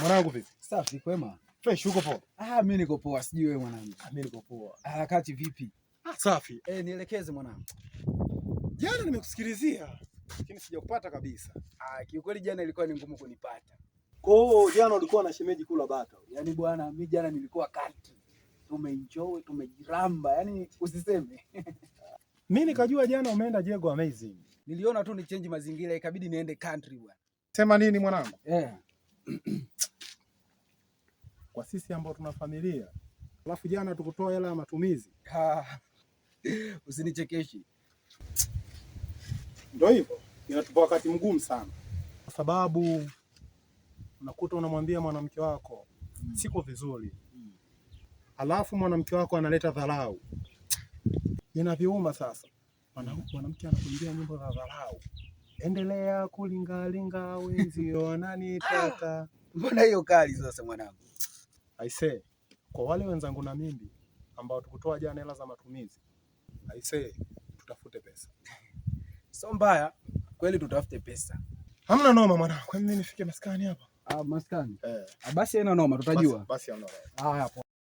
Mwanangu vipi? Safi kwema. Fresh uko poa? Ah, mimi niko poa, sijui wewe mwanangu. Ah, mimi niko poa. Harakati vipi? Ah, safi. Eh, nielekeze mwanangu. Jana nimekusikilizia lakini sijakupata kabisa. Ah, kiukweli jana ilikuwa ni ngumu kunipata. Kwa hiyo jana ulikuwa na shemeji kula bata. Yaani bwana, mimi jana nilikuwa kati. Tumeenjoy, tumejiramba. Yaani usiseme. Mimi nikajua jana umeenda Jego Amazing. Niliona tu ni change mazingira ikabidi niende country bwana. Sema nini mwanangu? Eh. Yeah sisi ambao tuna familia, alafu jana tukutoa hela ya matumizi. Usinichekeshi. Ndio hivyo, inatupa wakati mgumu sana, kwa sababu unakuta unamwambia mwanamke wako mm. siko vizuri mm. alafu mwanamke wako analeta dharau, inaviuma sasa. Hmm. Mwanamke anakuingia nyimbo za dharau, endelea kulingalinga wenzio wananitaka. Mbona hiyo kali sasa mwanangu? aise kwa wale wenzangu na mimi ambao tukutoa jana hela za matumizi, aise tutafute pesa. so mbaya kweli, tutafute pesa. Hamna noma mwanangu, kwa nini nifike maskani hapa? Ah, maskani. Eh. Ah, basi haina noma, tutajua. Basi, basi haina noma. Ah, hapo.